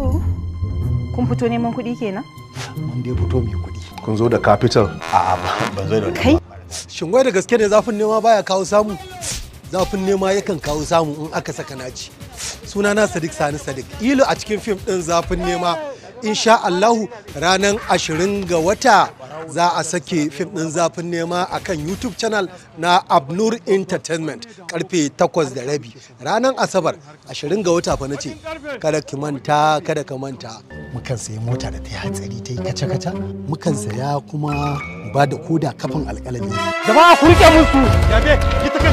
To, kun fito neman kuɗi kenan? Mun dai fito mai kuɗi. Kun zo da capital? A'a ban zo da Kai? Shin wai da gaske ne zafin nema baya kawo samu? Zafin nema yakan kawo samu in aka saka naci. Sunana Sadiq Sani Sadiq. Ilo a cikin fim ɗin zafin nema. Insha Allahu ranar ashirin ga wata za a sake fim ɗin zafin nema a kan YouTube channel na Abnur Entertainment karfe 8 da rabi ranar Asabar 20 ga wata fa na ce kada ki manta kada ka manta. Mukan sayi mota da ta yi hatsari ta yi kaca-kaca mukan saya kuma ba da koda kafin alƙalami. Jama'a ku rike musu. Yabe,